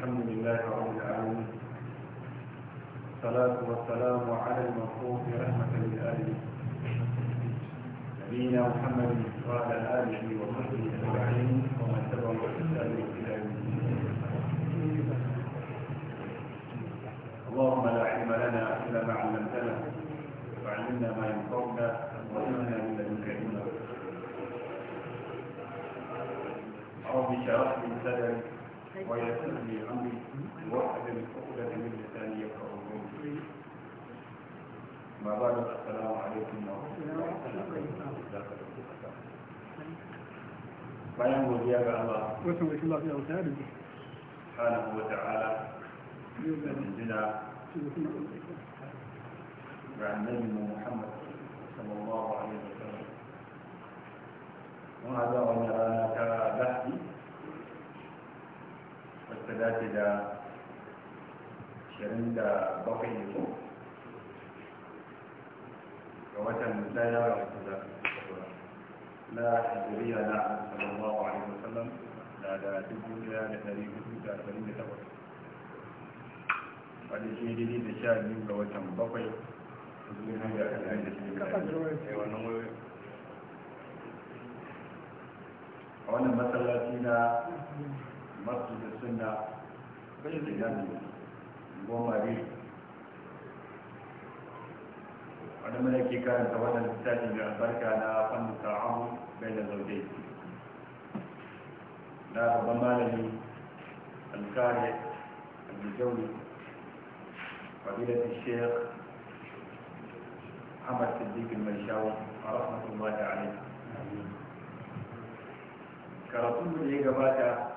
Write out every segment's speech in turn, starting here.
الحمد لله رب العالمين الصلاة والسلام على المبعوث رحمة للآلمين نبينا محمد وعلى آله وصحبه أجمعين ومن تبعهم بإحسان إلى اللهم لا علم لنا إلا ما علمتنا وعلمنا ما ينفعنا وعلمنا من لدنك علما رب اشرح لي ويسر لي امري واحلل عقدة من لساني يفقهوا قولي ما بعد السلام عليكم ورحمة الله وبركاته bayan godiya ga Allah wasu wasu lafiya wata da ji subhanahu wa ta'ala da jinjina ga annabi Muhammad sallallahu alaihi wa sallam mun hada wannan rana ta lahdi suka dace da 27 yanzu ga watan daya ga kusa na hajjiriya na sallallahu alaihi wasallam na da 1448 da shi dini da sha biyu ga watan bakwai a wannan matsalaci na masjid sunna bai da yanzu goma ne wani mana ke karanta wannan littafi mai albarka na fannin ta'amu bai da zaune na babban malami alkare aljauni fadilat shekh ahmad siddiq al-manshawi rahmatullahi alayhi karatu da ya gabata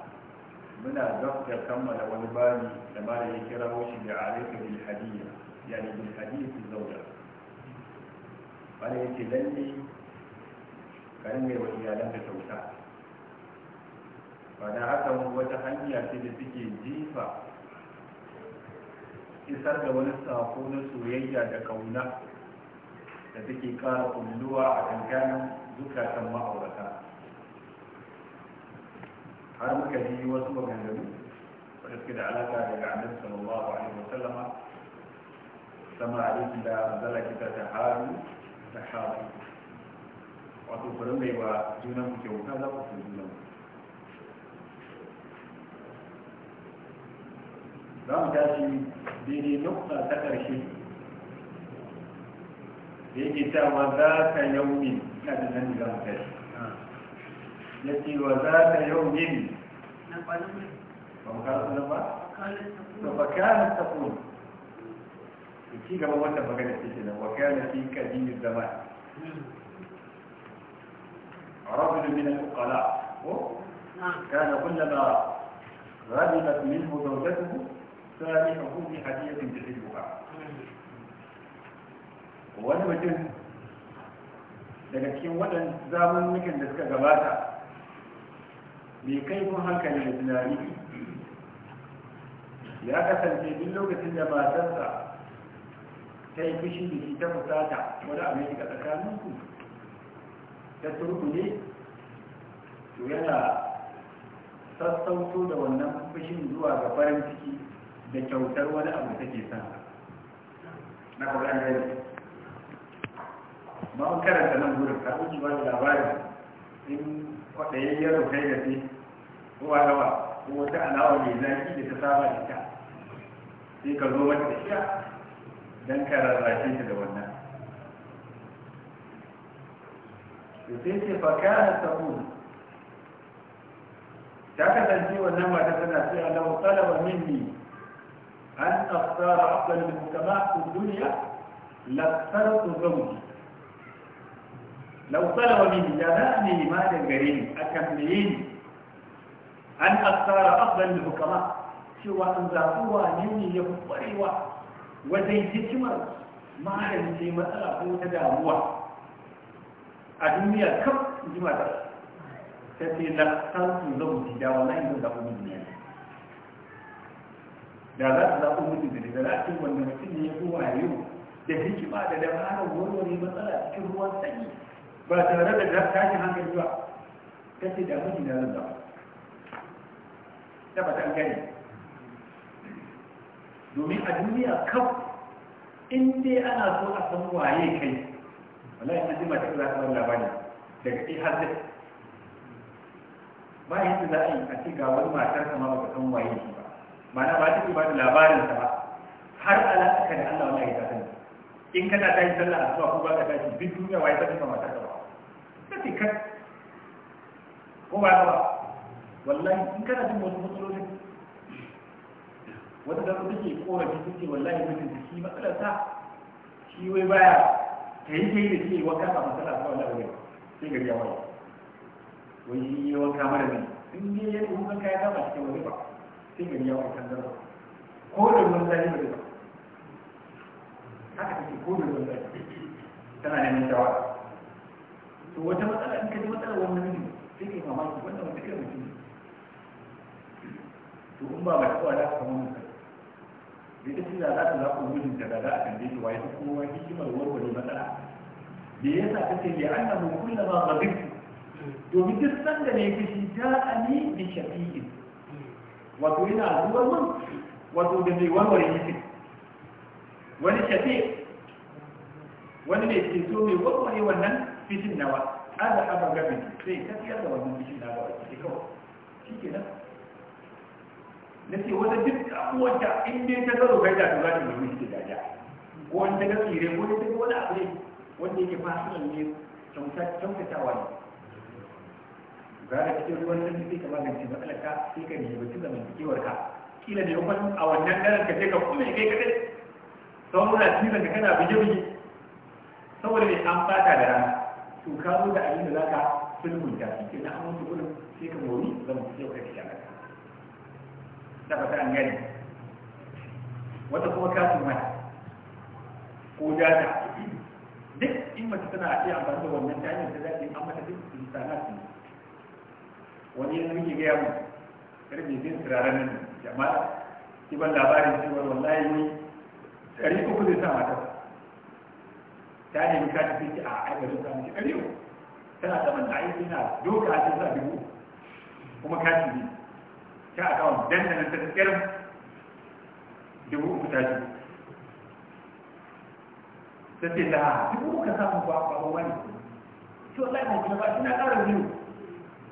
muna gab da kammala wani bani da mara ya kira shi da alaika bil hadiyya yani bil hadiyya zauda bani ya ce lalle kan ne wa iyalan da kyauta ba da haka wata hanya ce da suke jifa isar da wani sako na soyayya da kauna da take kara kulluwa a kankanin zukatan ma'aurata har muka ji wasu maganganu wadda suke da alaka daga annabi sallallahu alaihi wasallama sama alaihi da manzala kita ta haru ta haru wato ku rinka wa junan ku kyauta za ku san junan ku za mu tashi daidai nukta ta ƙarshe da yake cewa za ka yau ne na da nan za mu tashi ya ce wa za ka yau ne فكانت تقول في gaba wannan magana ce kenan wa kana fi qadim zaman رجل من العقلاء كان كلما غضبت منه زوجته سامحه بهدية تحبها wani mutum daga cikin waɗanda zamun nukan da suka gabata mai kaifin hankali da tunani ya kasance duk lokacin da matarsa ta yi fushi da shi ta fusata wani tsakanin tsakaninku ta turkule to yana sassauto da wannan fushin zuwa ga farin ciki da kyautar wani abu take son na ƙwarar gani ba karanta nan gudun ta wuce ba da labarin in kwaɗayayyar rufai da fi ruwa rawa ko wata alawa mai zaki da ta saba da ta sai ka zo mata da shiya don ka rarrashe ta da wannan da sai ce fa kana sabu ta kasance wannan mata tana sai Allah talaba minni an aftara afdal min kama dunya la taratu zawji law talaba minni da za ne ma da gare ni akan mene an asara afdal hukama cewa an zaɓi wane ne ya fi ƙwarewa wajen hikimar magance matsala ko ta damuwa a duniya kaf ji matar ta ce na san zan ji da wannan yin zaɓi mutum da za ta zaɓi mutum da za a ce wannan mutum ne ya fi wayo da hikima da dabarar warware matsala cikin ruwan sanyi ba tare da tashin hankali ba ta ce da mutum na zan tabbatar gani domin a duniya kaf in dai ana so a san waye kai wallahi an ji mata za ta bar labari daga ɗi har zai ba yadda za a yi a ce ga wani matar sama ba ka san waye shi ba mana ba ta ba da ta ba har alaƙa da Allah wallahi ta sani in kana tashi sallah a zuwa ko ba ka tashi duk duniya waye ta san ba matar ka ba ta ce kan ko ba ta ba wallahi in kana jin wasu matsalolin wata da kuke korafi take wallahi mutum da shi matsalar ta shi wai baya ta yi kai da ce wanka a matsala ta wallahi wai sai gari ya wani wai yi ya wanka mara ne in dai ya yi wanka kaya ta ba shi wani ba sai gari ya waye kan zama ko da ruwan zafi ba ba haka take ko da ruwan zafi tana neman shawara to wata matsala in ka ji matsalar wani mutum sai ka yi mamaki wannan wata irin mutum to in ba mace kawai da ka samu mutum da ita shi za ta zaɓa mijin da za a kan tambaye shi waye kuma wani hikimar warware matsala da ya sa ta ce ya annabu kullama ghadibtu domin duk sanda ne fushi ja'ani bi shafi'in wato yana zuwa mun wato da mai warware yake wani shafi wani ne ke so mai warware wannan fitin nawa an da abin gabin sai tafiyar da wannan fishin nawa a cikin kawai shi ke nan na wata duk abubuwan da in dai ta zaro kai da za da yi miki dariya ko wani ta ga tsire ko ta wani abu ne wanda yake fasiran ne kyautatawa ne gara cikin ruwan nan sai ka magance matsalar ka sai ka nemi ci zamantakewar ka kila ne kwan a wannan daren ka je ka kuma kai kadai muna cizon ka kana bige bige saboda ne an fata da rana to ka zo da abin da zaka sulhunta shi ke na an mutu gudun sai ka mori zamantakewar ka ke ta fata an gani wata kuma kasu mai ko jata duk in mace tana a iya amfani da wannan ta hanyar da za ta yi amma ta duk sana su wani yanzu muke gaya mu karfe zai turaren nan jama'a ki ban labarin cewa wallahi ne ɗari uku zai sa mata ta nemi ka tafi a aibarin ta mace ɗari uku tana saman da aiki na doka a cikin sa dubu kuma kashi biyu ta aka akawun dandanan ta tsakiyar dubu uku ta ce ta ce da ah, dubu uku samu ba a ba wani to Allah mai kuma ba suna ƙara biyu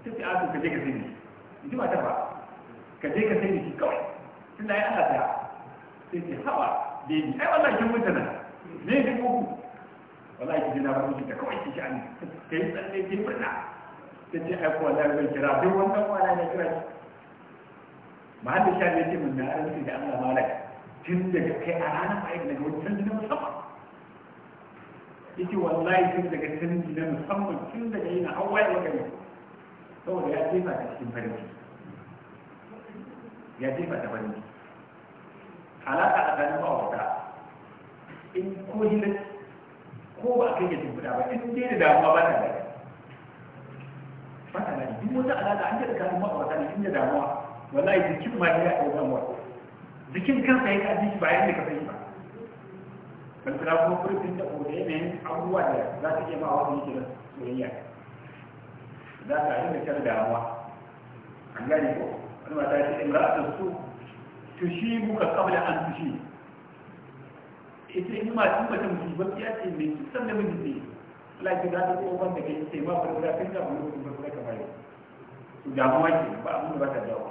ta ce asu ah, ka je ka sai ni ji ba ta ba ka je ka sai ne shi kawai tunda ya Allah ta sai ce hawa da yi ai wallahi kin mutana ne dubu uku wallahi kin na ba miki ta kawai kin sha'ani kai tsalle kin furna ta ce ai ko wallahi ban kira duk wannan wani ne kira mahallin shafi ya ce mun na arziki da Allah malaka tun daga kai a ranar ayyuka daga wani canji na musamman yake wallahi tun daga canji na musamman tun daga yana hawaye maka ne saboda ya jefa ta cikin farin ciki ya jefa ta farin ciki halaka a ganin ma'aurata in ko hilar ko ba a kai ya tumbuda ba in dai da damuwa ba ta da ba ta da duk wata alaka an da ganin ma'aurata ne in da damuwa wallahi jikin ma ya yi wannan wata jikin kansa ya kaji ba da ka sani ba balbala kuma kurfin da kuma yanayin abubuwa da za su iya ma wasu yake da soyayya za ka yi da kyar damuwa an gane ko wani mata ya ce imra'atun su tushibu ka kabla an tushibu ita yi masu mace musibar ya ce mai kisan da miji ne lafi za ta tsohon da ke yi sai ma farfara kan da wani mutum farfara kamar yau damuwa ce ba abin da ba ta jawo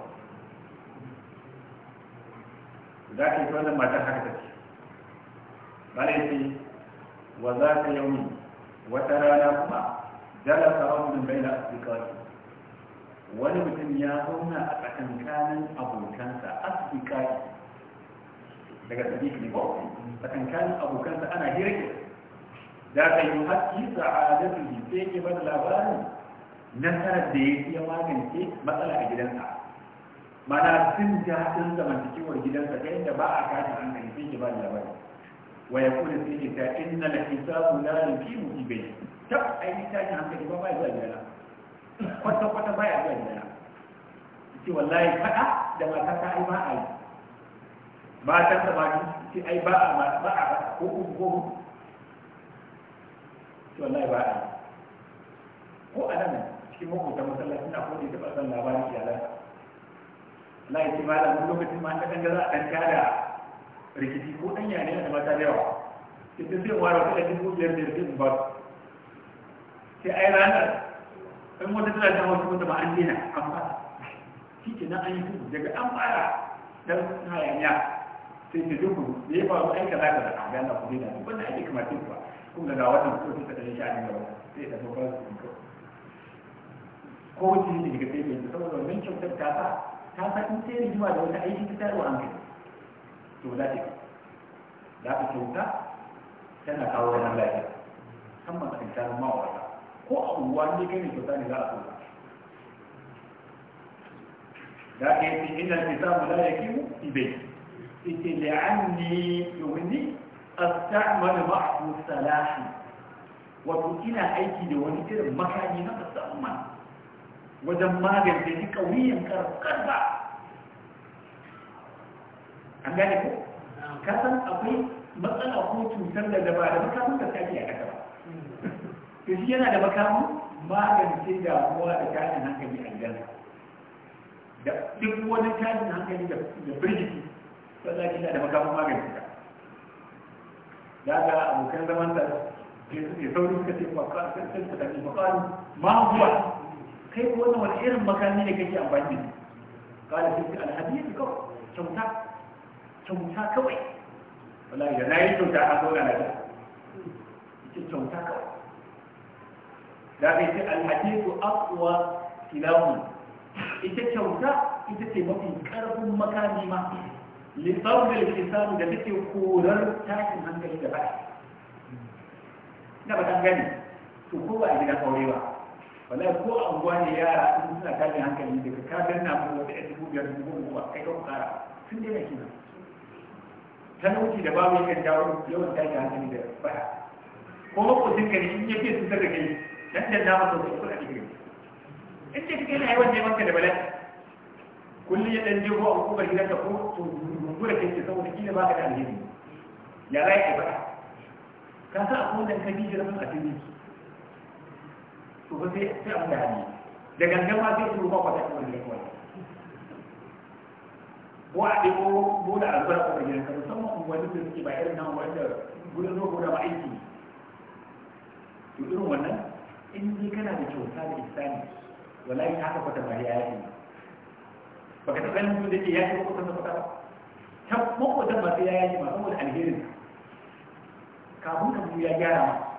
za ka yi wannan matan haka take bala yace wa za ka yaumi wata rana kuma jalasa rajulun baina asdiqati wani mutum ya zauna a tsakankanin abokansa asdiqati daga sadiq ne ko tsakankanin abokansa ana hirke da ka yi haƙƙi sa'adatu sai ke bada labarin nasarar da ya magance matsala a gidansa mana sun ji haɗin zamantakewar gidansa ta yadda ba a an hankali sun ki ba da labari wa ya kuma sai ki ta inna la hisabu la yuqimu ibay Ta ai tashin hankali ba bai zuwa gidana kwata kwata baya zuwa gidana ce wallahi fada da mata ta ai ba a yi ba ta ta ba ki ai ba a ba ba a ko ko ko Ki wallahi ba a ko anan cikin ta masallaci na kodi da ba san labarin lafi la yi kima da lokacin ma ta ganga za a ɗan tada rikici ko ɗan yane da mata da yawa ita zai wara kuɗa dubu biyar da rikici ba sai ai ranar in wata tana ta wasu mutum an dina an fara shi ke nan an yi tudu daga an fara dan hayaniya sai ta dubu da ya faru aika za ka zaɓa gana ku dina duk wanda ake kamar tudu ba kuma daga watan ko ta tsaye shi a dinga ba sai ta zo ba su ko wuce ne daga sai bai saboda wannan kyautar ta sa ka san in sai zuwa da wata aiki ta tarwa an kai to za ta yi za ka kyauta tana kawo wannan lafiya kan matsayin kayan ma'aurata ko a unguwa ne kai ne kyauta ne za a kyauta Da ke yi fi inda ke samu la ya kiwu ibe ita la'anni domin astamalu ma'ahu salahi wato ina aiki da wani irin makami na musamman wajen magance shi ƙauyen karkar ba an gane ko Kasan akwai matsala ko cutar da da ba da makamun da ta a kasa ba shi yana da makamun magance damuwa da tashin hankali a gidan da duk wani tashin hankali da birgiti sannan shi yana da makamun magance ta da ga abokan zaman da ke sauri suka ce makamun ma huwa kai ko wannan wani irin makami ne kake amfani da kada sai alhadisi ko kyauta kyauta kawai wallahi da nayi kyauta a gona na ta ita kyauta kawai da kai sai alhadisu aqwa silamun ita kyauta ita ce mafi karfin makami ma lissaunar kisan da take korar tashin hankali da baki na ba gani to ko ba a gida kawai ba wala ko anguwa ne yara in suna tashin hankali daga ka danna ko wata ya dubu biyar dubu uku ba kai ka kara sun kina da babu yakan jawo yawan tashin hankali da baya ko makotin gari in ya fiye su daga kai dan danna gari in ce kai na yawan neman ka da bala'i kullum ya ɗan je ko a hukumar gidanka ko to gura kai ce saboda kila ba ka da alheri ya za ka faɗa ka sa a kowanne kan yi jirgin a cikin to sai sai an gani da gangan ma sai su ba ta kuma ne kawai ko a ɗebo ko da albarka da gidanka musamman unguwanni da suke ba irin nan wanda gudun zo gudun aiki to wannan in dai kana da kyauta da isani wallahi haka kwata ya yi baka taɓa ganin da ke ya yi ko kwata kwata ba ta makwatan ba sai ya yi saboda alherin ya gyara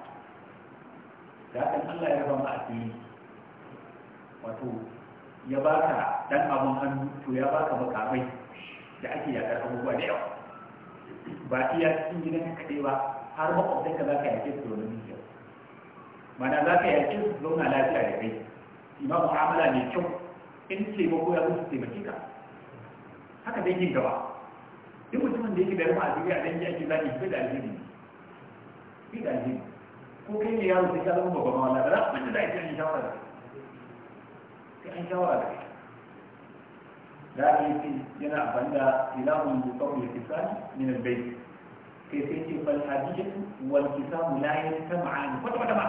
da Allah ya raba mu asiri wato ya baka dan abun hannu to ya baka makamai da ake yakar abubuwa da yawa ba iya cikin gidan ka kaɗai ba har makwabtan ka za ka yake su domin yau. mana za ka yake su zauna lafiya da kai ima mu'amala mai kyau in ce taimako ya musu taimaki ka haka dai kin gaba duk mutumin da yake da rufa a duniya dan ji ake zaki bai da alheri bai da alheri ko kai ne yaro sai ka zama babban wala da abin da ake yin shawara da kai an shawara da kai da aka yi yana amfani da ilahun bukawar kisan min albayt kai sai ce fal hadiyatu wal kisamu la yastama'an kwata kwata ba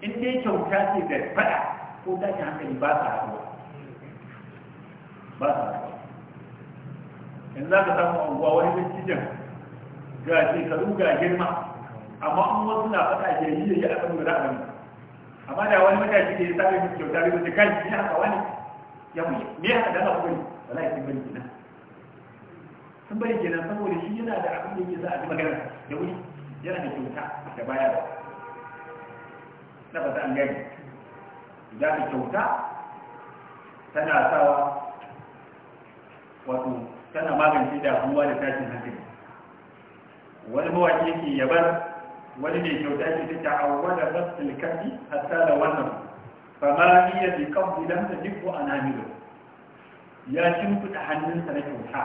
in dai kyauta ce da fada ko ta hankali ba sa haɗuwa ba sa haɗuwa in za ka samu anguwa wani dattijan ga shekaru ga girma amma an wasu na faɗa ke yi da yi a saboda za'a wani amma da wani matashi ke yi mai kyauta da wata kai ne haka wani ya mu me haka da Allah kuma wala ya bari kenan sun bari kenan saboda shi yana da abin da yake za a ji magana da wuri yana da kyauta da baya ba na ba an gani za ka kyauta tana sawa wato tana magance da ruwa da tashin hankali wani mawaki yake yabar wani mai kyauta ce ta ta'awwala rasul kafi hatta da wannan Ba fama iya bi kabbi da jiko a anamilu ya shimfida hannunsa na kyauta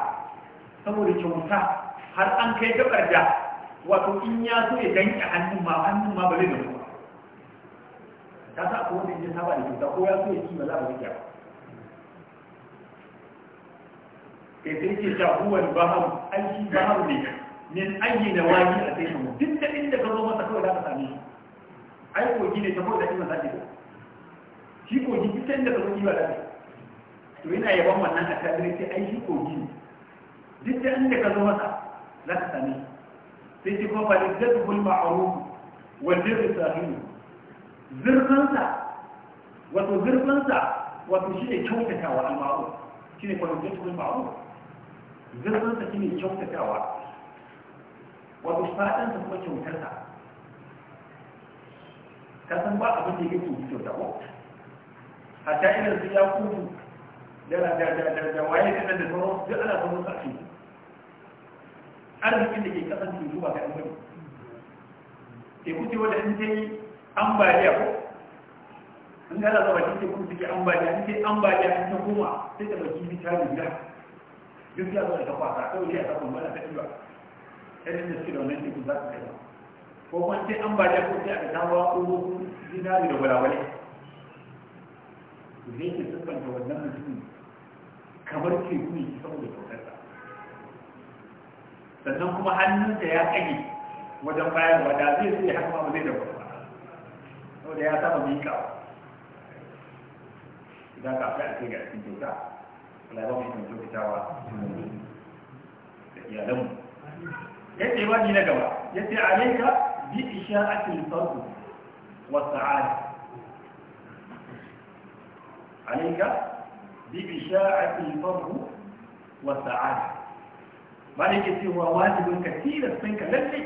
saboda kyauta har an kai gabar da wato in ya so ya ganke hannun ma hannun ma ba zai da ba ta sa ko wanda ya saba da kyauta ko ya so ya ci ba za ba zai kai sai ce ta huwal bahar aiki bahar ne min ayi da wani a sai mu duk da inda ka zo masa kawai za ka same shi ai kogi ne ta kawai da kima za ka shi kogi duk da inda ka zo kiwa da ka to ina yaban wannan a kadiri sai ai shi kogi ne duk da inda ka zo masa za ka same shi sai ce kuma falizzatu bul ma'ruf wa dirru sahihi zirfansa wato zirfansa wato shi ne kyautatawa al-ma'ruf shi ne falizzatu bul ma'ruf zirfansa shi ne kyautatawa wato fadansa kuma kyautarsa ka san ba abin da yake cutu kyauta ko a ta irin su ya kudu da waye kaɗan da sauran duk ana sauran sa ce arzikin da ke kasan cutu ba kaɗan wani teku ce wadda in ta yi ambaliya ko in gana zama cikin teku suke ambaliya in ta yi ambaliya in ta koma sai ta baki bi ta riga duk ya zo da ta kwasa kawai ya ta kumbala ta ɗiba irin da suke da wannan teku za su kai ko kuma sai an ba da sai a kan wa ugu dinari da walawale to ne ke siffanta wannan mutumin kamar teku ne saboda kyautarsa sannan kuma hannunsa ya kage wajen bayarwa da zai sai haka ma ba zai da ba saboda ya saba miƙawa idan ka fi alkai ga cikin kyauta Allah ya ba mu ikon kyautatawa da iyalanmu yadda ce wani na gaba ya ce alaika bi isha'atil fadl wa sa'ada alaika bi isha'atil fadl wa sa'ada bane ke cewa wajibin ka tilas sun ka lalle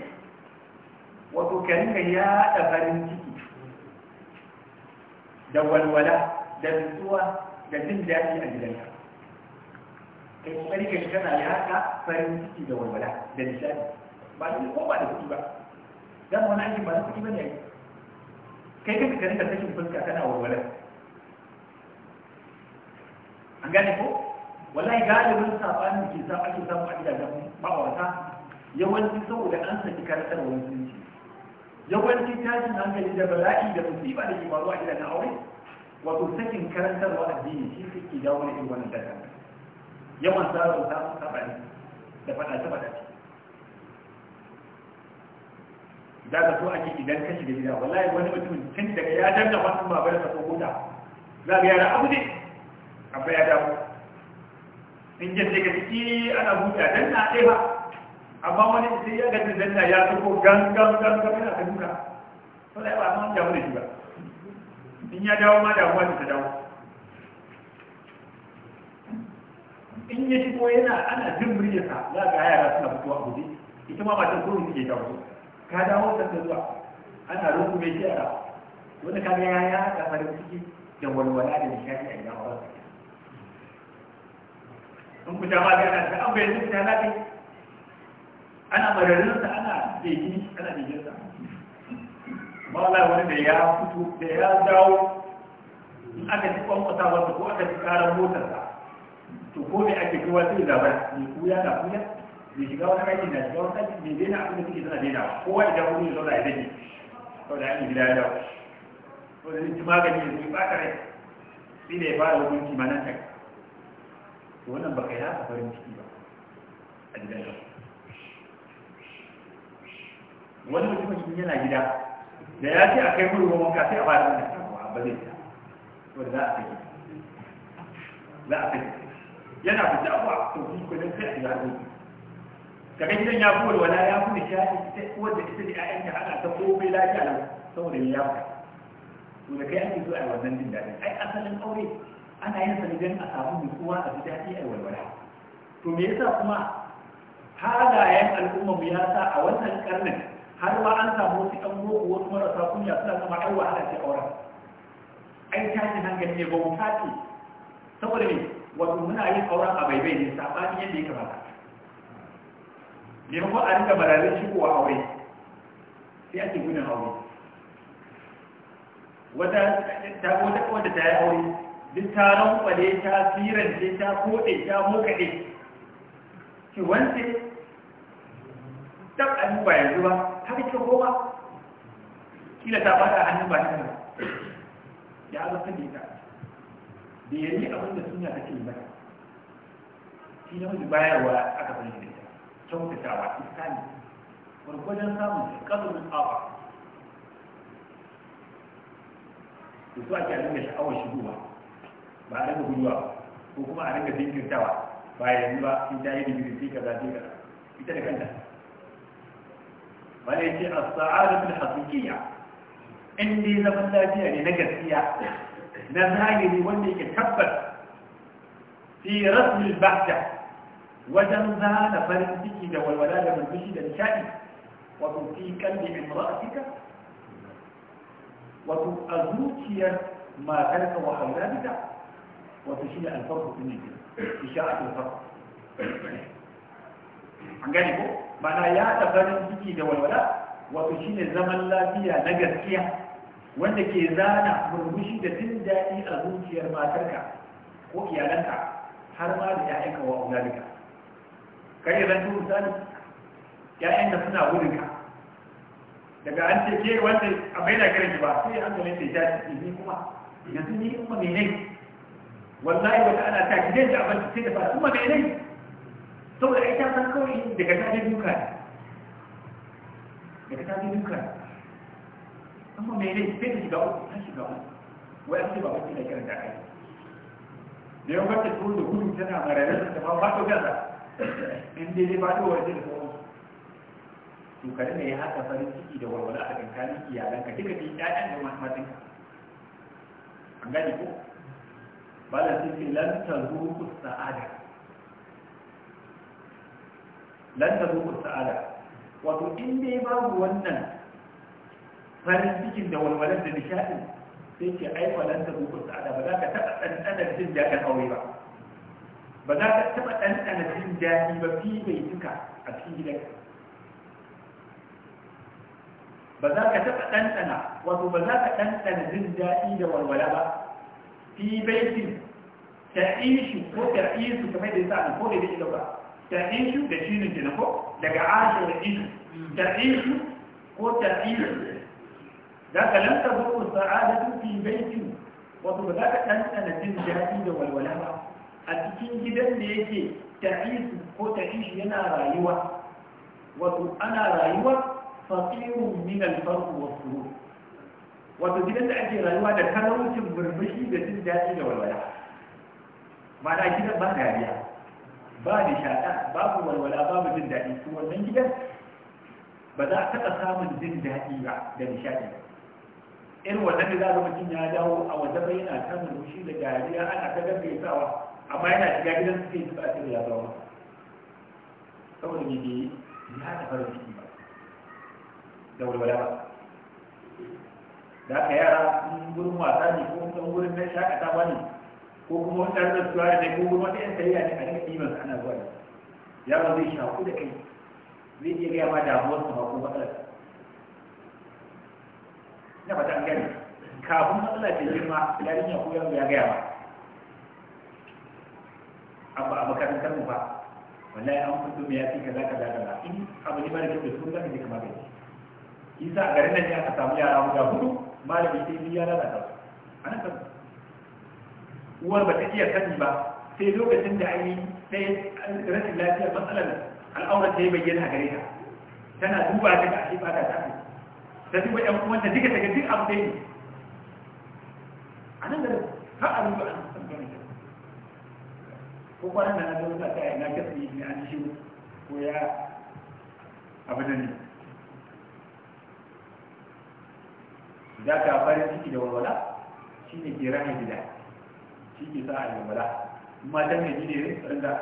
wato ka rinka yaɗa farin ciki da walwala da nutsuwa da jin daɗi a gidanka kai kuma rika shi kana yaɗa farin ciki da walwala da nishaɗi ba da ko ba da kuɗi ba dan wani aiki ba da kuɗi ba ne kai kai ka rinka sakin fuska kana walwala an gane ko wallahi galibin sabanin ke sa ake samu a gidajen ma'aurata yawanci saboda an saki karatar wani sunci yawanci tashin hankali da bala'i da musiba da ke faruwa a gidajen aure wato sakin karantarwa addini shi suke dawo da irin wannan daga yawan tsarin samun sabani da faɗace-faɗace za ka so ake idan ka shiga gida wallahi wani mutum tun daga ya danna wannan ba bar ko mota za ka yara abu ne abba ya dawo in je daga ciki ana buta dan na dai ba amma wani sai ya gaji dan na ya tuko gangan gangan gan gan ka duka dai ba mun damu da shi ba in ya dawo ma wani ta dawo in ya shigo yana ana jin muryarsa za ka yara suna fitowa a guje ita ma ta kurun suke dawo ka dawo da ka zuwa ana roƙo mai shara Wani ka ga ya haɗa farin ciki da walwala da nishaɗi a gidan aure in ku jama'a ga nan an bayyana shi na kai ana mararin sa ana beki ana bejin sa amma wallahi wani da ya fito da ya dawo in aka ci kwamfata wata ko aka ci karar motarsa to ko me ake kowa sai zabara ne kuya na kuya bai shiga wani aikin da shiga wani aikin bai daina abin da suke suna daina kowa idan wani ya zauna ya dace saboda an yi gida ya ko da zai ci magani ya zai baka rai sai da ya fara hukunci ma nan take to wannan ba baka yi haka farin ciki ba a gidan ka wani mutumin shi yana gida da ya ce a kai gudu ruwan wanka sai a ba da wannan kawowa ba zai ta saboda za a sake za a sake yana fita abuwa to shi kudin sai a yi kamar gidan ya fi walwala ya fi nishadi ta kowace da ita da ƴaƴanta ana ta komai lafiya lau saboda ya fi to da kai ake zuwa a wannan jin daɗin ai asalin aure ana yin sa don a samu nutsuwa a ji daɗi a walwala to me yasa kuma halayen al'umma mu ya sa a wannan karnin har ma an samu wasu ɗan boko wasu marasa kunya suna zama ai wahala ce auren ai nan hankali ne ba mu tafi saboda me wato muna yin auren a bai ne saɓani yadda ya kamata maimakon a rika bararin shigowa aure sai ake gudun aure wata wanda ta yi aure duk ta rankwale ta firance ta koɗe ta mokaɗe ki wance tab abin ba yanzu ba haka ke koma kila ta fada hannun ba ta ya azabta da ita da yanzu abin da suna take yi ba shi na mutu bayarwa aka fahimta kyautatawa iskani gwargwadon samun kadun awa da su ake ringa sha'awar shigowa ba a ringa guduwa ko kuma a ringa jinkirtawa ba yanzu ba in ta yi digiri sai kaza sai kaza ita da kanta bane ce as-sa'adatu al-haqiqiyya in dai zaman lafiya ne na gaskiya na zahiri wanda yake tabbas fi rasmi al-bahja wajen zana farin ciki da walwala da murmushi da nishadi wato fi kalbi imra'atika wato a zuciyar matarka wa hauratika wato shi ne alfarku din ne isha'atul farq an gani ko Bana ya ta farin ciki da walwala wato shi ne zaman lafiya na gaskiya wanda ke zana murmushi da jin daɗi a zuciyar matarka ko iyalanka har ma da 'ya'yanka wa auladika kai ya zanto misali Ya'yan da suna wurin ka daga an ce ke wanda a bai da gare ba sai an gane ta ya ce ni kuma yanzu ni kuma me ne wallahi wata ana ta gidan ta abin sai da ba kuma me ne saboda ai ta san kawai daga ta duka ne daga ta duka ne me ne sai da shiga uku ta shiga uku wai an ce ba wata da gare da kai da yawan wata tsoro da gudun tana mararar da ba ta gaza in dai dai ba ta wajen da sauransu to kare ne ya haka farin ciki da walwala a kankanin iyalanka duka ne mai da matanka an gani ko ba da sai lan ta sa'ada lan ta sa'ada wato in dai babu wannan farin cikin da walwalar da nishaɗin sai ke ai fa lan ta sa'ada ba za ka taɓa ɗanɗanar jin daɗin aure ba ba za ka taɓa ɗanɗana jin daɗi ba fi mai duka a cikin gidanka ba za ka taɓa ɗanɗana wato ba za ka ɗanɗana jin daɗi da walwala ba fi baitin ta'ishu ko ta'isu kamar da yasa ko da yake dauka ta'ishu da shi ne kenan ko daga ashu da ishu ta'ishu ko ta'isu za ka lanta zuwa sa'adatu fi baitin wato ba za ka ɗanɗana jin daɗi da walwala ba a cikin gidan da yake ta'isu ko ta'ishi yana rayuwa wato ana rayuwa fasirun min alfarku suru wato gidan da ake rayuwa da talaucin burbushi da jin daɗi da walwala Ba na gidan ba gariya, ba nishaɗa babu walwala babu jin daɗi to wannan gidan ba za a taɓa samun jin daɗi ba da nishaɗi irin wannan da za ga mutum ya dawo a wanda bai yana ta mushi da dariya ana ta gaggaitawa amma yana shiga gidan su sai a cikin ya zama saboda me bai ya tafa fara ciki ba da walwala ba da aka yara sun gurin wasa ne ko kuma gurin shakata ba ne ko kuma wani tare da suwa ne ko kuma wata yan sayayya ne a cikin ɗiban ana zuwa ne yaro zai shaku da kai zai iya gaya ma damuwarsa ba ko matsalar ina ba ta gani kafin matsala ce girma yarinya ko yaro ya gaya ma abu a makarantar mu ba wallahi an fito me ya fi kaza kaza kaza in abu ne mara kyau da sun zaka je ka magani isa a garin nan ne aka samu yara guda hudu malami sai ni ya lalata su ana kan uwar ba ta iya sani ba sai lokacin da ai sai rashin lafiya matsalar al'aura ta yi bayyana a gare ta tana duba ta ga ashe fata ta ta duba yan kuma ta duka ta ga duk abu da yi a nan da ka a duba an san gani ko ba na na dauka ta ina ka tsaye ne an shi ko ya abin nan ne da ka fara ciki da walwala shi ne ke rana gida shi ke sa a yi walwala amma dan ne ne rinda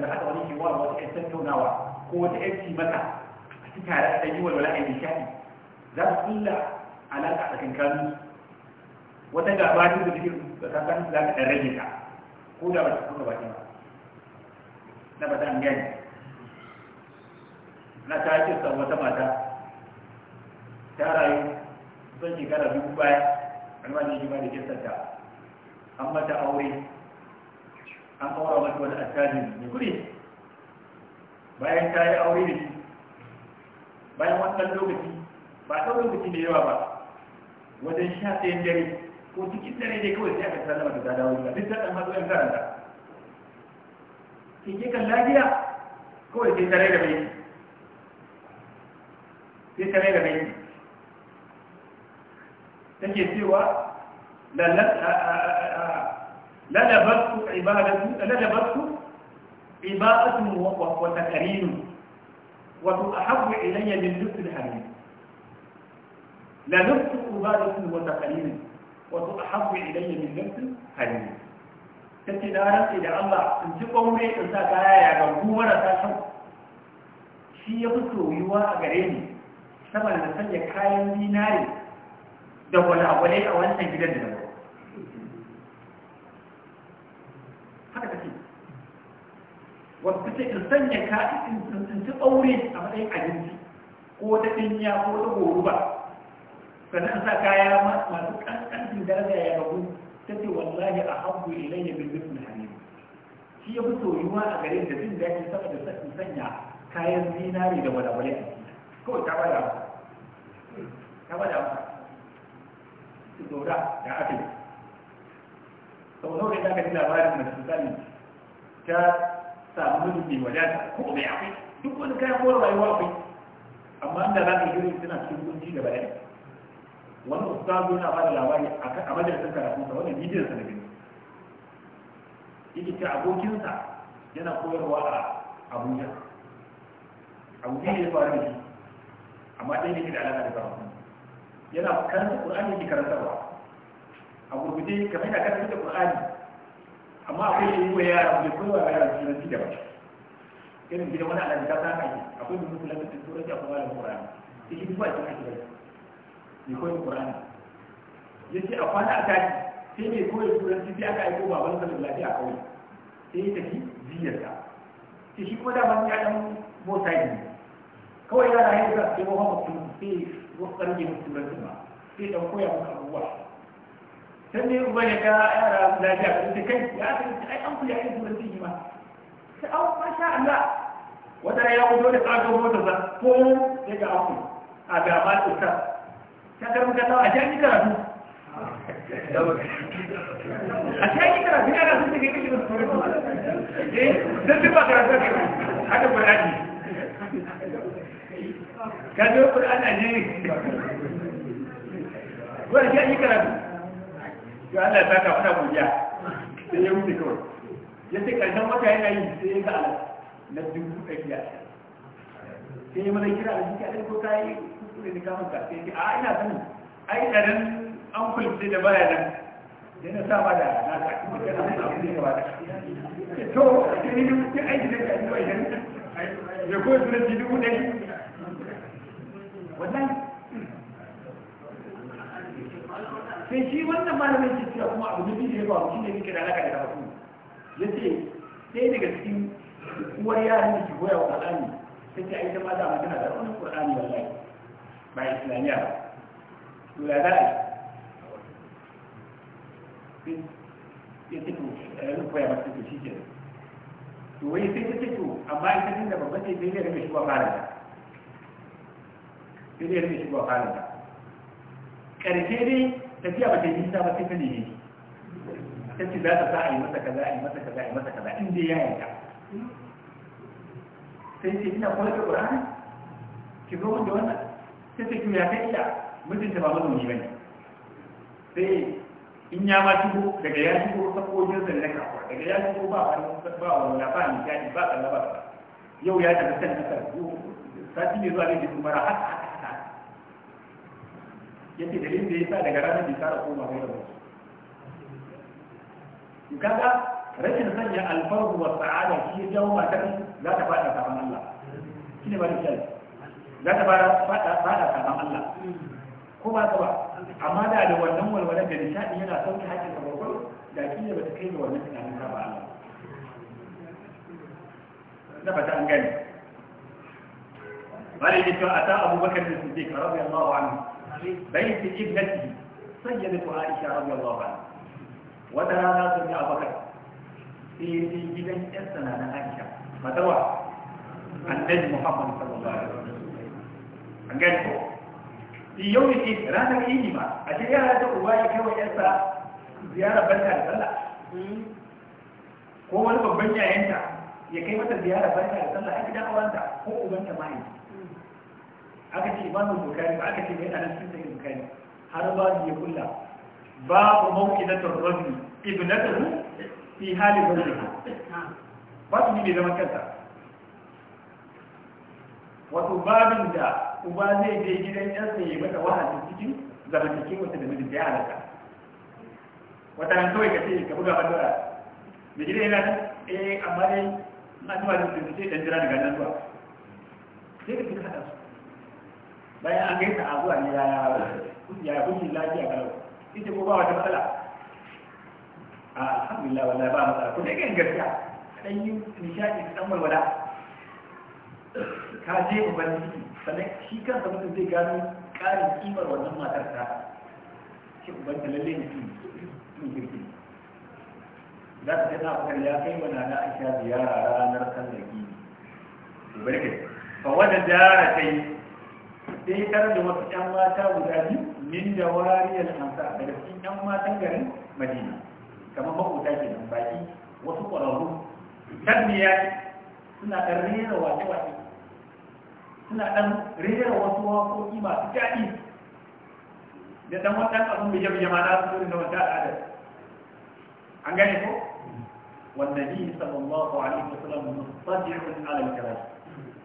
haka wani kewa da wata ƴan tattaunawa ko wata ƴan mata a cikin tare a ɗanyi walwala a yi nishani za su kulla alaƙa a tsakankanin su wata gaba ce da cikin tsakanin za ka ɗan rage ta ko da ba ta kuma ba ta ba na ba an gani na ta ake sa wata mata ta rayu sun shekara dubu baya alwani jima da sata an mata aure an aura mata wani attajin mai kuri bayan ta yi aure da shi bayan wannan lokaci ba ta lokaci da yawa ba wajen sha tsayin dare ko cikin dare ne kawai sai aka tsara mata ta dawo duk ta ɗan matsayin karanta kike kan lafiya kawai sai tare da mai sai tare da mai take cewa lalabattu ibadatu wata ibadatu wa a wa tuhabbu ilayya min lutfil halim lalabattu ibadatu wa takarinu wa tuhabbu ilayya min lutfil halim ta ce na rantsi da Allah in ji ɓaure in sa kaya ya ga gumara ta san shi ya fi soyuwa a gare ni sama da sanya kayan dinari da gwalagwalai a wannan gidan da na haka ta ce wasu ce in sanya kayan in ci ɓaure a matsayin abinci ko ta dinya ko ta goruba sannan sa kaya masu ƙanƙancin daraja ya gabu تتي والله أحب إلي بالمثل حبيب shi ya fi soyuwa a gare da jin daɗi sama da sassan sanya kayan zinari da walawale a ciki kawai ta bada mu ta bada mu su zaura da aka yi sau nawa ne za ka ji labarin mace misali ta samu mijin mai wadata ko mai akwai duk wani kayan kowar rayuwa akwai amma inda za ka yi irin suna cikin kunci da bayani wani ustazu yana ba da labari a majalisar karatunsa wani sa na gani yake ce abokinsa yana koyarwa a abuja abuja ne ya faru da shi amma ɗaya ne da alaƙa da karatu yana karanta ƙur'ani yake karantarwa a gurguje fita ka karanta da ƙur'ani amma akwai yi wa yara mai koyarwa ga yara sunan ci gaba irin gidan wani alaƙa ta sa akwai mutum kula da turanci akwai malamin ƙur'ani sai shi duk ba shi ake mai koyi qur'ani yace a kwana a tashi sai mai koyi turanci sai aka aiko baban sa da lafiya kawai sai ya tafi biyarsa sai shi kuma daman ya dan motsa ne kawai yana yin sa sai mawa mutum sai wakar yin turanci ba sai dan koya musu abubuwa sai ne uba ya ga yara lafiya kawai ta kai ya ta ai an koya yin turanci ne ma sai an masha Allah wata ya fito da motar motarsa ko ya ga aku a ga ma ta karbi a shaki karatu a shaki karatu ya rasu da da eh ka haka ka zo ko a karatu sai ya wuce kawai ya ce karshen yana yi sai ya ga na dubu sai ya mana kira a kuke nikahun ka sai a ina sani ai ɗaren an kulce da baya nan da na sama da na kakin da kana da abu ne gaba da to sai ni kuke aiki da kai ba yan ya ko su da dubu ɗari wannan sai shi wannan malamin shi cewa kuma abu ne da ya ba shi ne yake da alaka da karatu yace sai daga cikin uwar yaran da ke goya wa alani sai ta aita ma da magana da wani qur'ani wallahi ba islamiyya ba to ya a yi ya masu shi ke to wai sai ta ce amma ita da babban da da da da ƙarshe ba ta yi nisa ba sai ta ta za ta sa a yi masa kaza a yi masa kaza a yi masa kaza inda ya yanka sai ce ina kuma da ki zo da wannan ta ce ya kai iya mijinta ba mazauni ba ne sai in ya ma shigo daga ya shigo sabbojin zan na kafa daga ya shigo ba a ba wani ba ni jadi ba a kalla ba yau ya tafi kan kasar yau sati mai zuwa ne da kuma rahat yace dalilin da yasa daga ranar bai da koma ga yau kaga rashin sanya alfarhu wa sa'ada shi ya jawo matar za ta fada sabon Allah ne ba da kyau za ta fara fada fada saman Allah ko ba ta ba amma da da wannan walwala da nishadi yana sauke hakkin da babban da kiyar ba ta kai ga wannan tunanin ka ba Allah ba ta an gani bari ne cewa ata abubakar da su zai karabu yallahu anhu bai ta ibnati sayyida ta aisha radiyallahu anha wata rana sun yi abubakar sai gidan yan sana aisha fatawa annabi muhammad sallallahu alaihi wasallam ganto fi yau ne ranar yi ma a ce yara ta uba ya kai wa yarsa ziyara barka da sallah ko wani babban yayanta ya kai mata ziyara barka da sallah a gidan awanta ko ubanta ma yi aka ce imamu bukari ba aka ce mai anan cikin sai bukari har ba ya kulla babu na rajuli ibnatuhu fi hali zawjiha ba su ne zaman kansa wato babin da uba zai je gidan yansa ya mata wahalin cikin zamantakin wata da mijin da ya halaka wata nan kawai ka ce ka buga bandora da gidan yana nan eh amma dai na zuwa da su ce dan jira daga nan zuwa sai ka fi haɗa su bayan an gaisa a zuwa ne ya ya kuki lafiya kalau ita ko ba wata matsala a alhamdulillah wallahi ba matsala ko dai gaskiya dan yi nishadi dan walwala ka je ubangiji sannan shi kan kansa mutum zai gano ƙarin kimar wannan matar ta shi ubanta lalle mutum mutum girki za ta ce na fukar ya kai wa nana aisha ziyara ranar sallar gini to bari kai fa wanda ziyara ta yi sai tarar da wasu ƴan mata guda biyu min da wariyar hamsa daga cikin ƴan matan garin madina kamar maƙota ke nan baki wasu ƙwararru tabbiya suna ɗan rera wace-wace suna ɗan rera wasu waƙoƙi masu daɗi da ɗan wani ɗan abin bije bije ma na su na wata al'adar an gane ko wannan yi sallallahu alaihi wasallam musaddiqun ala al-kalam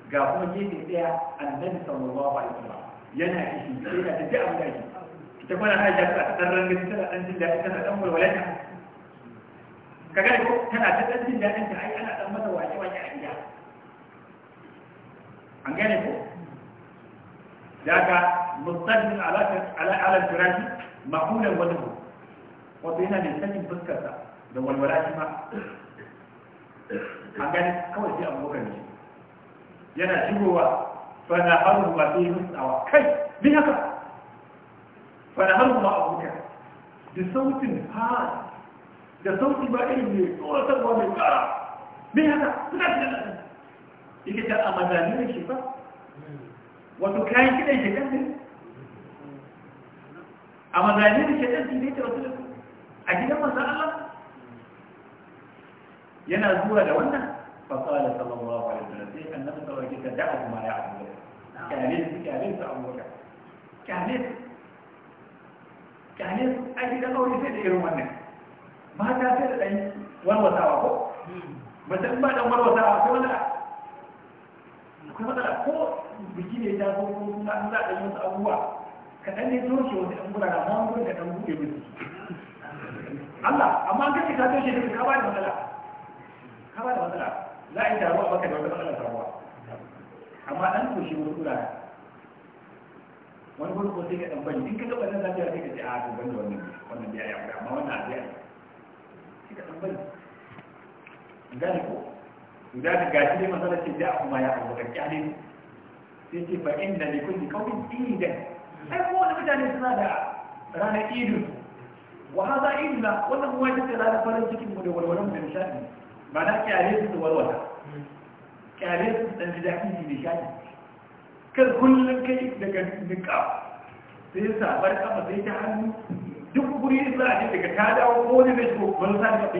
ga kuma gefe daya annabi sallallahu alaihi wasallam yana kishi yana da duk abin da yake ita kuma na aisha tana ta ɗan gani tana ɗan jin daɗi tana ɗan Ka kaga ko tana ta ɗan jin daɗin ta ai ana ɗan mata an gane ko daga mustaqbil ala ala ala firashi ko wajhu wato yana da sanin fuskarsa da walwala shi ma an gane kawai sai abokan shi yana shigowa fa na haru ma sai musawa kai bin haka fa na haru ma abokan da sautin ha da sauti ba irin ne tsoratarwa mai kara bin haka suna da yake ta a mazalin shi ba wato kayan kiɗan shi kan a mazalin shi kan ne ta wasu a gidan manzan Allah yana zuwa da wannan Fasawa fasala sallallahu alaihi wasallam sai annabi sallallahu alaihi wasallam da abu ma ya abu kyale kyale su abu ka kyale kyale a gidan aure sai da irin wannan mata sai da ɗan warwatawa ko hmm. mace in ba ɗan warwatawa sai wani kuma da ko biki ne ta ko ko kuma an za a yi wasu abubuwa kaɗan ne toshe wani ɗan gurara amma wani gurin kaɗan buɗe musu Allah amma an kace ka toshe ne ka ba da matsala ka ba da matsala za a yi taruwa a baka da wata matsala taruwa amma ɗan toshe wani gurara wani gurin ko sai ka ɗan bani in ka ga wannan zafi sai ka ce a ah, to da wannan wannan biya ya amma wannan a biya sai ka ɗan bani gane ko to da ga shi ne masala ce a kuma ya abu da kyale sai ce fa inna li kulli qawmin idan ai ko wani mutane suna da ranar idin wa hada idna wannan kuma ita ce ranar farin cikin mu da walwalan da nishadi ba na kyale su walwala kyale su dan ji daɗi ne nishadi kar kullum kai daga niƙa sai sabar kafa sai ta hannu duk guri za a je daga ta dawo ko wani da shi ko wani sa da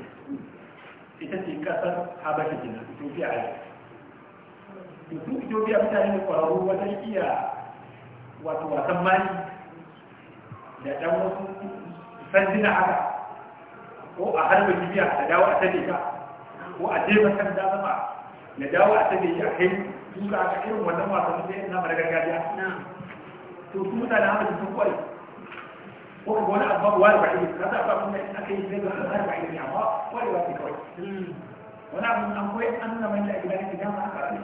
ita ce kasar habashi gina ethiopia a yi su ethiopia mutane ne kwararru wajen iya wato wasan mani da ɗan wasu sandina haka ko a harba jibiya da dawo a tabe ka ko a jefa kan dazama da dawo a tabe ya kai duka a irin wannan wasan da na gargajiya to su mutane haka su kwari وهنا واربعين من أكيد زي أعضاء ولا ونعلم من أقوى أن من الأجبان في جامعة الأجل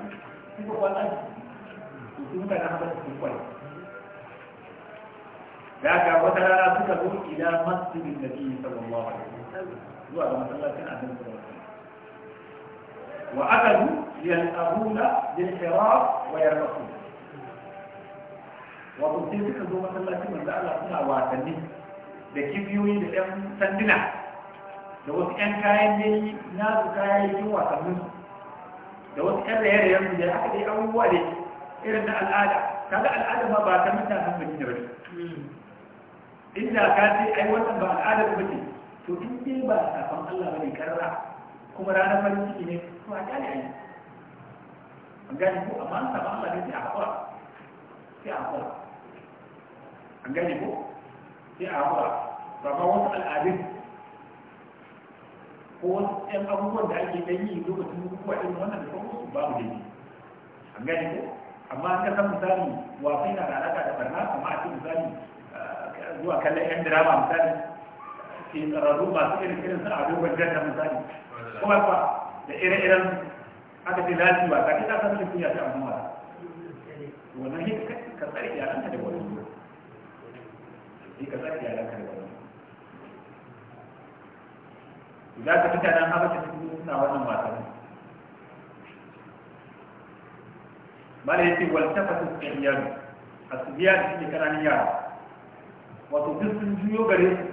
ذاك وترى إلى مسجد النبي صلى الله عليه وسلم وعلى مسألة أن وأكلوا لينأبون للحراف ويرمقون wato sai suka zo masallacin manzo Allah suna wasanni da kibiyoyi da ɗan sanduna da wasu ƴan kayan yayi na su kayayyakin wasannin su da wasu ƴan raye-rayen su da aka dai abubuwa da irin na al'ada kaga al'ada ma ba ta mutanen Madina ba inda ka ce ai wannan ba al'ada ba ce to in dai ba safan Allah bane karara. kuma ranar farin ciki ne to a gane ai an gane ko amma safan Allah ne sai a hakura sai a hakura an gane ko sai a hawa ba ba wasu al'adun ko wasu ɗan abubuwan da ake ɗan yi lokacin bukukuwa ɗin wannan da kuma su babu dai an gane ko amma an kasa misali wasu yana da alaƙa da barna amma a ce misali eh, zuwa kallon yan drama misali ke tsararru masu irin irin su a wajen da misali kuma ba da ire-iren aka ce lati ba ta ta sanar da kunya ta amma wannan ka tsare iyalanka da wani sai ka sake ya ranka da wani za ka mutanen habasha su suna wannan wasanni mala yace wal tafatu sibyan asbiyan ne ƙananan yara wato duk sun juyo gare su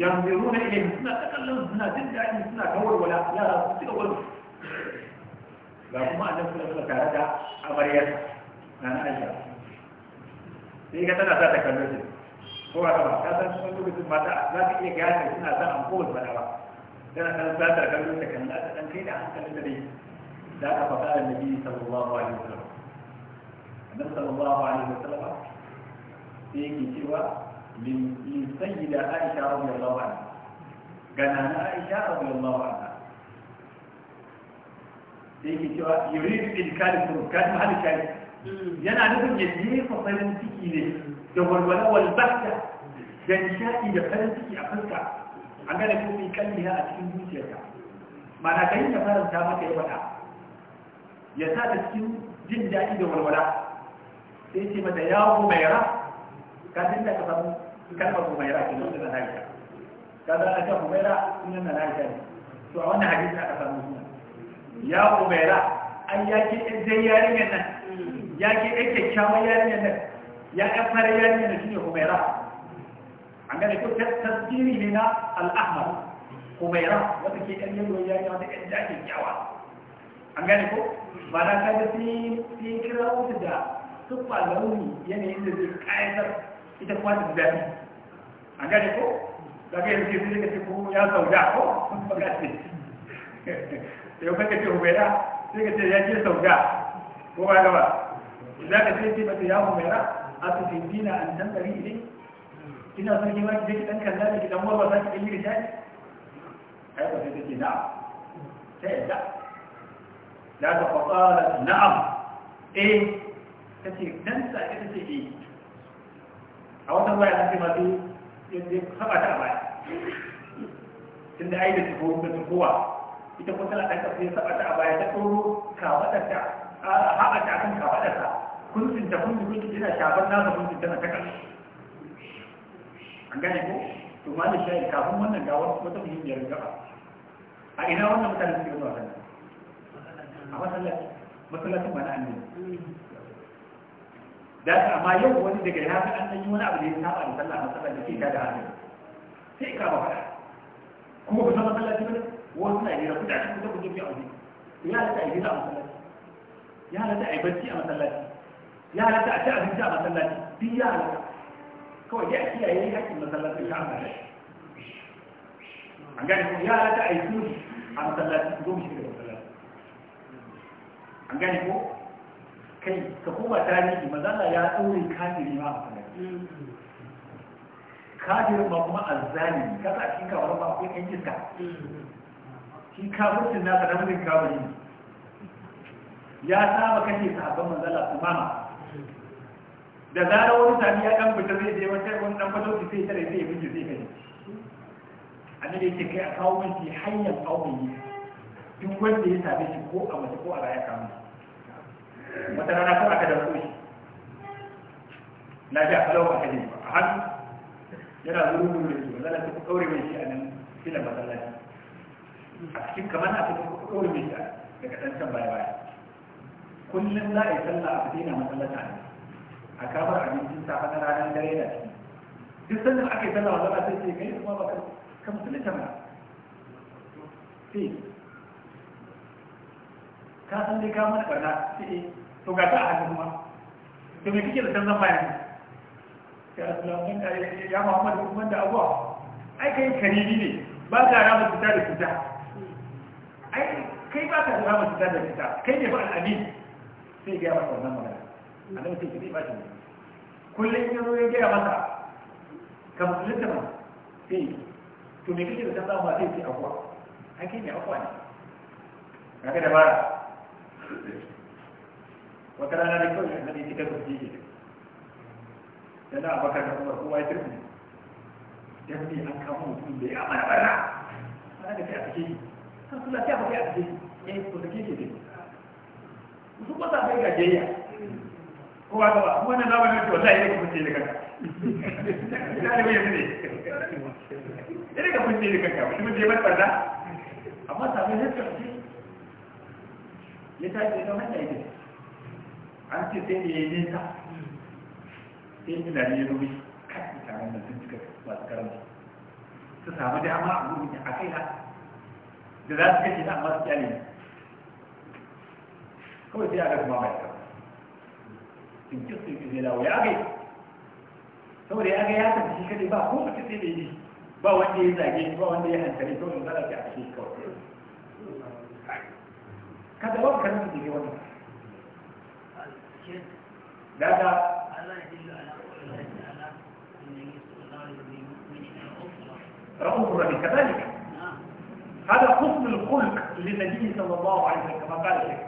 yanzuruna ilayhi suna ta kallon suna jin daɗi suna kawar wala yara su cika gwal ga kuma annabi sallallahu alaihi tare da amaryar na Aisha sai ga tana sa ta kallon kowa da mata san sun lokacin mata za ta iya gane suna san an kowace bana ba tana kan satar kallon ta kan ta ɗan kai da hankalin da dai da aka faɗa da nabi sallallahu alaihi wasallam annabi sallallahu alaihi wasallam sai yake cewa min sayyida aisha radiyallahu anha na aisha radiyallahu anha Sai yake cewa yuri da kalifu, turkan mahal shari hmm. yana nufin ya jefa farin ciki ne da walwala walbasta da nishaɗi da farin ciki a fuska an gane ko mai kalli a cikin zuciyarka mana ka yi ta faranta maka yawa faɗa ya sa ta cikin jin daɗi da walwala sai ce mata ya humaira ka san da ka samu kalmar humaira ke nan da na ka za a ce humaira sunan na na ne to a wannan hadisi aka samu sunan ya yara, an yaki ɗan yarinyar nan yake ɗan kyakkyawan yarinyar nan ya ɗan fara yari ne shine humaira an gane ko tasiri ne na al'ahmar humaira wata ke ɗan yaro ya yi wata ɗan jakin kyawa an gane ko ba na kaga sai sai kira wuta da tuffa launi yanayin da zai kayatar ita kuma da zafi an gane ko daga yanzu sai ka ce ko ya sauda ko sun baga ce yau kanka ce humaira sai ka ce ya ce sauda ko ba gaba za ka ce ce mata ya humaira aka fi dina an dan ɗari ne ina son yi maki da kiɗan kalla da kiɗan warwa za ki ɗan yi da shaɗi ai ba sai ta ce na'am ta yadda da ta faɗa na'am eh ta ce dan sa ita ce eh a wata waya, ta ce masu yadda saba ta a baya tun da aida ta kowa ta kowa ita kuma tana ɗan ƙarfi saba ta a baya ta tsoro kafaɗarta ta kan kafaɗarta kuntun da kuntun kuntun yana shafar nasa kuntun tana ta ƙasa an gane ko to malin shayi kafin wannan ga wata muhimmiyar gaba a ina wannan mutane suke zuwa sallah a masallaci masallacin mana na annabi da ka amma yau wani daga ya ga an yi wani abu da ya saba da sallah masallaci sai ka da hannu sai ka ba fada kuma ku san masallaci bane wasu na hira kuɗa su kuɗa kuɗin biya wani ya halatta a hira a masallaci ya halatta a yi bacci a masallaci ya halatta a ci abinci a masallaci duk ya halatta kawai dai a kiyaye hakkin masallaci ka amma an gane ko ya halatta a yi suri a masallaci zo mu shiga masallaci an gane ko kai ka koma tarihi mazala ya ɗaure kafiri ma a masallaci kafin ma kuma azzani kasa a cikin kawar ba akwai ɗan iska shi kafircin nasa na mutum kafiri ya saba kashe sahabban manzala umama da zarar wani sami ya dan fita zai je wata wani dan fito sai tare sai ya fice sai kai annabi yake kai a kawo min shi hanyar aure duk wanda ya same shi ko a mace ko a raya kamun wata rana kan aka da shi na ji a kalau aka ne a hannu yana zuru da shi wanda ta kaure mai shi a nan filan masallaci a cikin kamar na ta kaure mai shi daga dan can baya baya kullum za a yi sallah a fitina masallaci a nan a kamar abincin safa na ranar dare da ciki duk sannan aka yi sallah wa zama sai ce kai kuma ba ka musulunta ba sai ka san dai ka mana barna sai eh, to ga ta a hannun ma to me kike da canzan bayan ya rasulamun da ya muhammadu hukumar da abuwa ai kai karibi ne ba ka rama cuta da cuta ai kai ba ka rama cuta da cuta kai ne ba al'amin sai ga ya masa wannan magana a nan sai ki ba shi ne kullum ya zo ya gaya masa ka musulunta ma sai to me kake da san samu sai sai akwa ake ne akwa ne kaga da bara wata rana da kawai annabi ya cika kurji ne dan abakar da kuma kowa ya turbi dan bi an kama mutum da ya amana bara ana da kai a cikin kan kula ta ba kai a cikin eh ko da kike ne su kwata bai gajiyya kowa wannan da kanka ina da ne ina da kanka mutum amma ce ya an ce sai ne nesa sai ina ne ya sun cika masu karanta su samu dama a gurin a kai na da za su kashe na amma su kyale kawai sai a ga kuma mai tinkin sun zai dawo ya gai saboda ya ga ya tafi shi kadai ba ko mutum sai da yi ba wanda ya zage shi ba wanda ya hankali to in zara ta a shi kawai kada wani karfi da ke wani daga رؤوف الربي كذلك هذا حسن الخلق للنبي صلى الله عليه وسلم كما قال الشيخ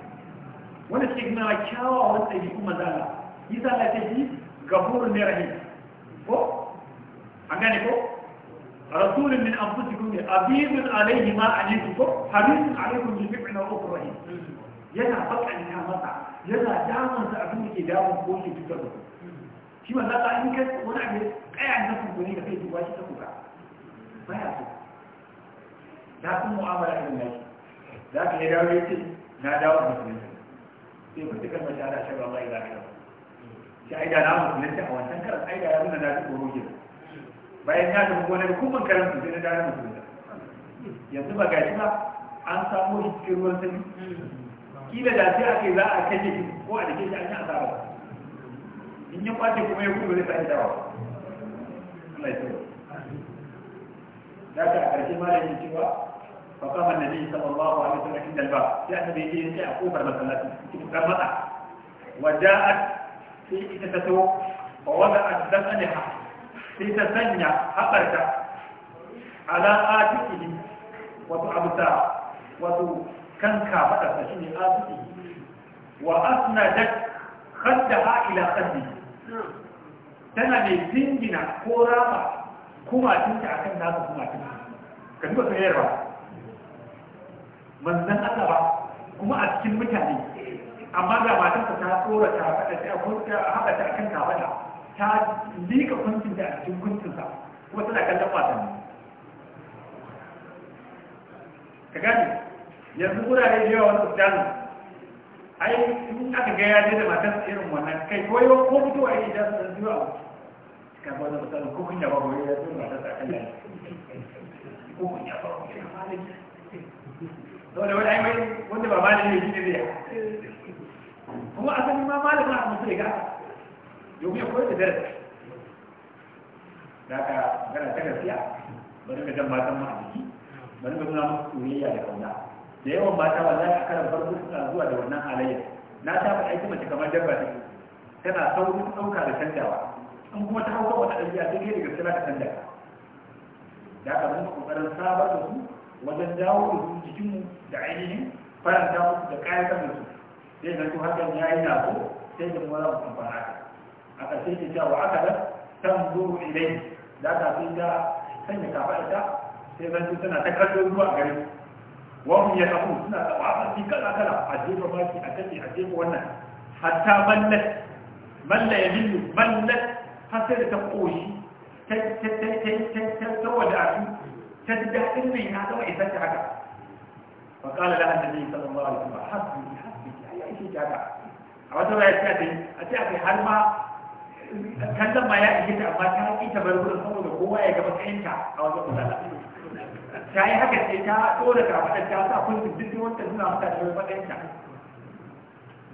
وانا الشيخ ما يتشاوى وانت يجيكم مزالة yasa Allah ta ji gafurun ne rahim ko an gane ko rasulun min anfusikum ne abidun alayhi ma anitu ko harisun alaykum bi fi'lin ra'ufur rahim yana bakanta masa yana damun sa abin ke damun ko shi fitar da shi ma za ka in ka wani abin an na gori da kai duwa shi ta kuka baya so da kun mu'amala irin ne da ka yi dawo yace na dawo ne sai mutu kan mace da shan ba ma ila shi aida na musulunci a wancan karan aida da nuna na ji tsoro gida bayan ya tafi gonar kuma karan su sai na dare musulunci yanzu ba gashi ba an samu shi cikin ruwan sani. kila da sai ake za a kashe shi ko a dake shi an yi asara in ya kwace kuma ya kuma zai sake dawa Allah ya tsoro da ka a ƙarshe ma da yake cewa فقام النبي صلى الله عليه وسلم عند الباب جاء النبي يجي يسعى كفر مثلا في مكان وجاءت sai ita ta to wa wada addaqaliha sai ta sanya haɓarta ala atiqihi wato abuta wato kan kafaɗa ta shine atiqihi wa da khaddaha ila qaddi tana mai jingina ko raba kumatinta akan nasa kumatin ka duba soyayyar ba manzan Allah ba kuma a cikin mutane amma ga matarsa ta tsora ta faɗa ta kunta haɗa ta kan ta faɗa ta lika kuncin da a cikin sa kuma tana kallon matan ka gane yanzu wurare da yawa wani ustazu ai in aka ga ya da matarsa irin wannan kai ko yau ko a yi da su zuwa ka ba da ustazu ko kunya ba gobe ya zo matarsa kan da ko kunya ba gobe ya malaki dole wani ai wanda ba malaki ne ne kuma a sani ma malamin a mutu riga Yau ya koyar da darasi da ka gana ta gaskiya bari ka jan matan ma a jiki bari ka nuna musu soyayya da kauna da yawan mata wallahi a karan farko suna zuwa da wannan halayyar na ta faɗa ita mace kamar dabba take tana saurin ɗauka da canjawa in kuma ta hauka wata ɗabi'a sai dai daga sila ka canja da ka zama ƙoƙarin sabar da su wajen dawo da su jikinmu da ainihin faranta musu da kayan da su sai ga su hakan ya yi nazo sai da mura mutum fara aka sai ta cewa aka da zuru ilai da ta fi da sanya kafa ita sai zan tana ta kallo zuwa gare wani ya kafu suna ba a fi kala kala a jefa baki a kace a jefa wannan hatta ballat balla ya bindu har sai da ta koshi ta ta ta ta ta ta ta ta ta ta na ta ta ta ta ta ta ta ta ta ta. ta ta ishe ta haka a wata raya ta dai a ce akai har ma kallon ma ya ishe ta amma ta haƙi ta bar wurin saboda kowa ya gaba tsayinta a wajen da ta yi haka ce ta ɗora kafaɗar ta sa kuntun duk wanda suna mata da wani matsayinta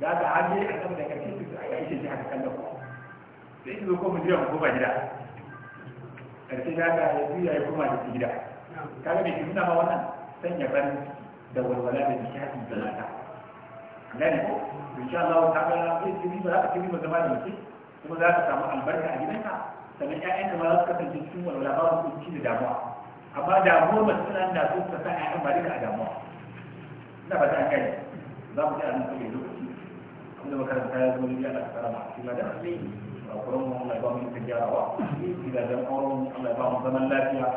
da aka hajji a kan da karshe su a ishe shi haka kallon ko sai ki zo ko miliyan goma gida karshe da ta yi juya ya koma da gida kaga da ki nuna ma wannan sanya ban da walwala da nishaɗi da mata nan ko insha Allah ta ga izini ba za ka kiri zama da mutum kuma za ka samu albarka a gidanka sannan ƴaƴanka ma za su kasance cikin walwala ba su kunci da damuwa amma damuwar masu suna da su ta sa ƴaƴan ba duka a damuwa ina ba ta kai za mu ji a nan kawai lokaci abinda makaranta ya zama ne ya Allah ta tsara ma a cikin da أقرم الله يبقى من التجارة إذا لم أقرم الله يبقى من زمن لا فيها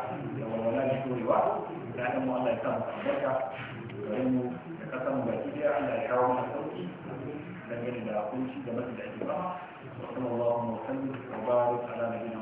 ولا نشكر واحد لأنه الله يسامح البركة وإنه kasan baki dai ana ya kawo mana sauki gani da kunci da masu da ake ba. wa sallallahu alaihi